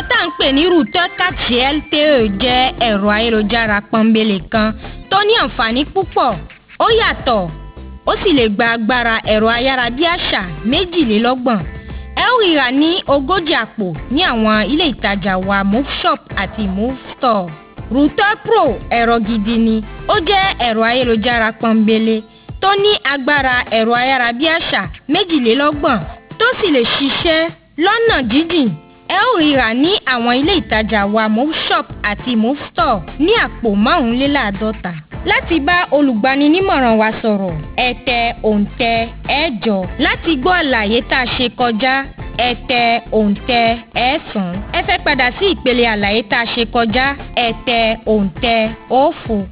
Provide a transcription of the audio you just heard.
ẹ̀rọ tá à ń pè ní routeur 4GLTE jẹ́ ẹ̀rọ ayélujára pọ́nbélé kan tó ní àǹfààní púpọ̀ ó yàtọ̀ ó sì lè gba agbára ẹ̀rọ ayárabíàṣá méjìlélọ́gbọ̀n ẹ ó rira ní ogójì àpò ní àwọn ilé ìtajà wa move shop àti move store routeur pro ẹ̀rọ gidi ni ó jẹ́ ẹ̀rọ ayélujára pọ́nbélé tó ní agbára ẹ̀rọ ayárabíàṣá méjìlélọ́gbọ̀n tó sì lè ṣiṣẹ́ lọ́nà jíjìn ẹ ó rí rà ní àwọn ilé ìtajà wa Move Shop àti Move Store ní àpò márùnléláàádọ́ta láti bá olùgbaninímọ̀ràn wa sọ̀rọ̀ ẹ tẹ òǹtẹ̀ ẹ̀jọ láti gbọ́ àlàyé tá a ṣe kọjá ẹ tẹ òǹtẹ̀ ẹ̀sán ẹ fẹ́ padà sí ìpele àlàyé tá a ṣe kọjá ẹ tẹ òǹtẹ̀ òfo